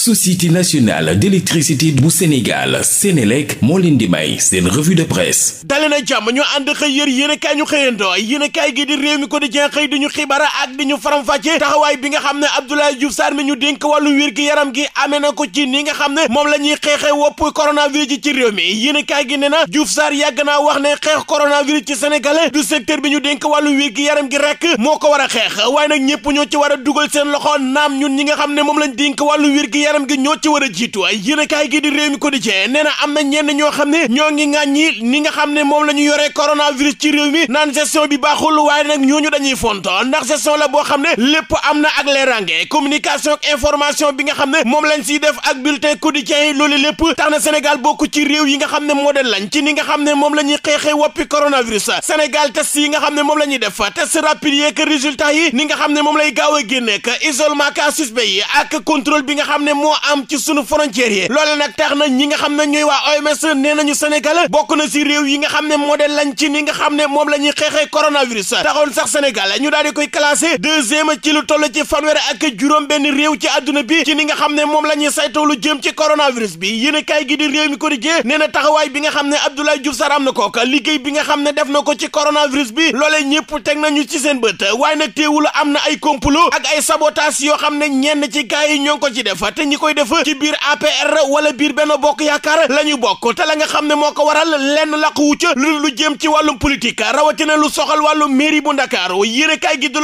société nationale d'électricité bu Sénégal Sénélec moo leen di may seen revue de presse dale na jàmm ñu ànd xëy yër kaa ñu xëyandoo yéenekaay gi di réew mi quotidien xëy di ñu xibaar ak di ñu faram-fàcce taxawaay bi nga xam ne Abdoulaye Diouf Sarr mi ñu dénk wàllu wér gi yaram gi amee na ko ci ni nga xam ne moom la ñuy xeexe wopp coronavirus ji ci réew mi yéenekaay gi ne na Diouf Sarr yàgg naa wax ne xeex coronavirus ci Sénégal du secteur bi ñu dénk wàllu wér yaram gi rek moo ko war a xeex waaye nag ñëpp ñoo ci war a dugal seen loxo naam ñun ñi nga xam ne moom lañ dénk wàllu wér gi yaram gi ñoo ci war a jiitu yéenekaay gi di réew mi quotidien nee na am na ñoo xam ne ñoo ngi ŋàññi ni nga xam ne moom la ñu yoree coronavirus ci réew mi naan gestion bi baaxul waaye nag ñooñu dañuy fonto ndax gestion la boo xam ne lépp am na ak leerange communication ak bi nga xam ne moom lañ siy def ak bulletin quotidien yi loolu lépp tax na Sénégal bokk ci réew yi nga xam ne moom la ñuy xeexee woppi coronavirus Sénégal test yi la ñuy def test rapide yi nga xam a moo am ci sunu frontières yi loole nag tax na ñi nga xam ne ñooy waa OMS nee nañu senegal bokk na si réew yi nga xam ne moo de lañ ci ni nga xam ne moom la ñuy xeexee coronavirus taxoon sax Sénégal ñu daal di koy classé deuxième ci lu toll ci fanweer ak juróom benn réew ci àdduna bi ci ni nga xam ne moom la ñuy saytoo lu jëm ci coronavirus bi yéen a gi di réew mi ko di jee nee na taxawaay bi nga xam ne Abdoulaye Diouf Sarr am na ko liggéey bi nga xam ne def na ko ci coronavirus bi loolee ñëpp teg nañu ci seen bët waaye nag teewul am na ay complot ak ay sabotage yoo xam ne ñenn ci gars yi ñoo ko ci def ñi koy def ci biir APR wala biir benn bokk la ñu bokk te la nga xam ne moo ko waral lenn laq wucc lu jëm ci wàllum politique rawatina lu soxal wàllu mairie bu Ndakaaru yéene kaay gi du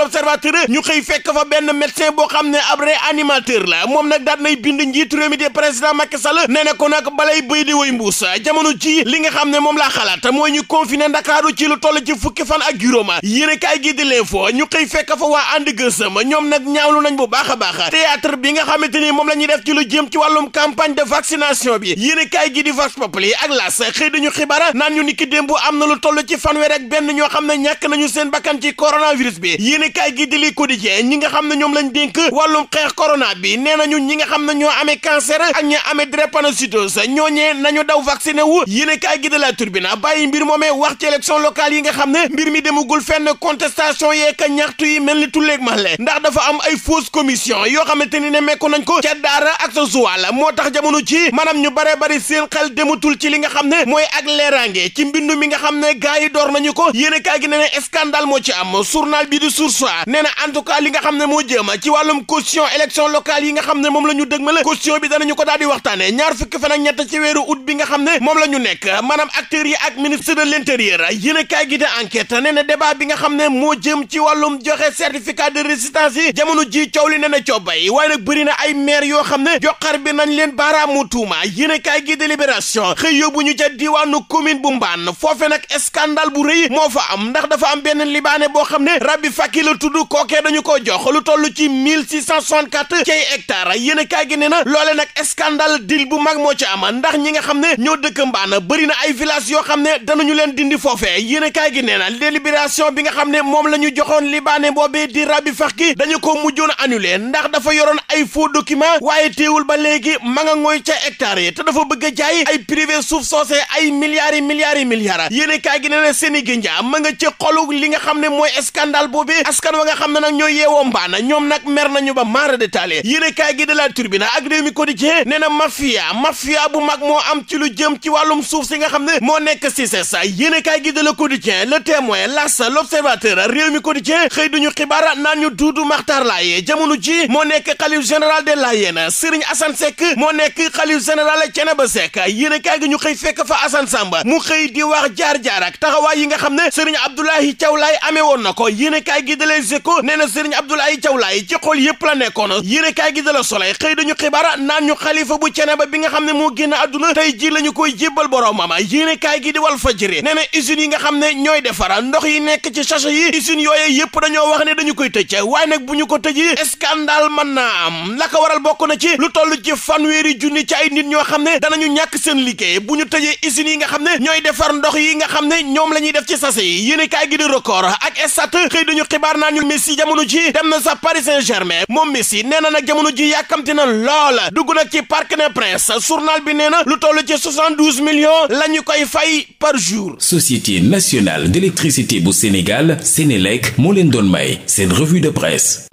ñu xëy fekk fa benn médecin boo xam ne ab réanimateur la moom nag daat nay bind njiitu réew mi di président Macky Sall nee na ko nag balay bëy di woy mbuus jamono ji li nga xam ne moom laa xalaat mooy ñu confiné Ndakaaru ci lu toll ci fukki fan ak juróoma yéene kaay gi di l'info ñu xëy fekk fa waa ànd gësëm ñoom nag ñaawlu nañ bu baax a baax théâtre bi nga xamante ni moom la ñuy def leer ci lu jëm ci wàllum campagne de vaccination bi yéen kaay gi di Vox Populi ak L'As xëy dañu xibaar naan ñu niki démb am na lu toll ci fan fanweer ak benn ñoo xam ne ñàkk nañu seen bakkan ci coronavirus bi yéen kaay gi di Le Quotidien ñi nga xam na ñoom lañ dénk wàllum xeex corona bi nee nañu ñi nga xam na ñoo amee cancer ak ñi amee drépanocytose ñooñee nañu daw vacciné wu yéen kaay gi de La Tribune bàyyi mbir moomee wax ci élection locale yi nga xam ne mbir mi demagul fenn contestation yeeka ñaxtu yi mel ni tulleeg malle ndax dafa am ay fausse commission yoo xamante ni ne mekku nañ ko dara ak sa zuwaal moo tax jamono ci maanaam ñu bare bari seen xel demutul ci li nga xam ne mooy ak leeraange ci mbindu mi nga xam ne gars yi door nañu ko yéen a gi ne ne scandale moo ci am journal bi di Source nee na en tout cas li nga xam ne moo jëm ci wàllum caution élection locale yi xam ne moom la ñu dëgmale caution bi danañu ko daal di waxtaane ñaar fukki fan ak ñett ci weeru août bi nga xam ne moom la nekk maanaam acteurs yi ak ministre de l'intérieur yéen a kaay gi de enquête débat bi nga xam ne moo jëm ci wàllum joxe certificat de résistance yi jamono ji coow li ne na coobay waaye nag bëri na ay maire yoo xam xam ne joxar bi nañ leen baaraamu tuuma yéene kaay gi délibération xëy yóbbu ñu ca diwaanu commune bu mbaan foofe nag scandale bu rëy moo fa am ndax dafa am benn libaane boo xam ne rabbi fakki la tudd kookee dañu ko jox lu toll ci mille six cent soixante-quatre cay hectares yéene kaay gi ne na loole nag scandale dil bu mag moo ci am ndax ñi nga xam ne ñoo dëkk mbaan bëri na ay village yoo xam ne danañu leen dindi foofee yéene kaay gi nee na délibération bi nga xam ne moom la ñu joxoon libaane boobee di rabbi fakki dañu ko mujjoon annulé ndax dafa yoroon ay faux document waaye waaye téewul ba léegi ma nga ngooy ca hectare yi te dafa bëgg a jaay ay privé suuf soosé ay milliards yi milliards yi milliards yéene kaay gi nee na seeni ginja ma nga ci xolu li nga xam ne mooy scandale boobi askan wa nga xam ne nag ñoo yeewoo mbaana ñoom nag mer nañu ba maara détaillé yéene kaay gi de la turbine ak réew mi quotidien nee na mafia mafia bu mag moo am ci lu jëm ci wàllum suuf si nga xam ne moo nekk si ses yéene kaay gi de la quotidien le témoin las l'observateur réew mi quotidien xëy duñu xibaar naan ñu duudu maxtaar laaye jamono ji moo nekk xalif général de laayeen Serigne Assane Seck moo nekk xalif général Thiénaba Seck yéenekaay gi ñu xëy fekk fa Assane Samba mu xëy di wax jaar-jaar ak taxawaay yi nga xam ne Serigne Abdoulaye Thiaw Laye ame woon na ko yéenekaay gi da Les Échos nee na Serigne Abdoulaye Thiaw Laye ci xol yëpp la nekkoon yéenekaay gi da Le Soleil xëy dañu xibaar naan ñu xalifa bu Thiénaba bi nga xam ne moo génn àdduna tey ji la ñu koy ma boroomam yéenekaay gi di Walf Fadjri nee na usines yi nga xam ne ñooy defara ndox yi nekk ci sachet yi usines yooyu yëpp dañoo wax ne dañu koy tëj waaye nag bu ñu ko tëjee scandale mën naa am la ko waral bokk na na ci lu toll ci fanweeri junni ci ay nit ñoo xam ne danañu ñàkk seen liggéey bu ñu tëjee usines yi nga xam ne ñooy defar ndox yi nga xam ne ñoom la ñuy def ci sase yi yéen kaay gi di record ak estat xëy dañu xibaar naa ñu Messi jamono ji dem na sa Paris Saint-Germain moom Messi nee na nag jamono ji yàkkamti na lool dugg nag ci Parc des Princes journal bi nee na lu toll ci 72 millions la ñu koy fay par jour. Société nationale d'électricité bu Sénégal Sénélec moo leen doon may seen revue de presse.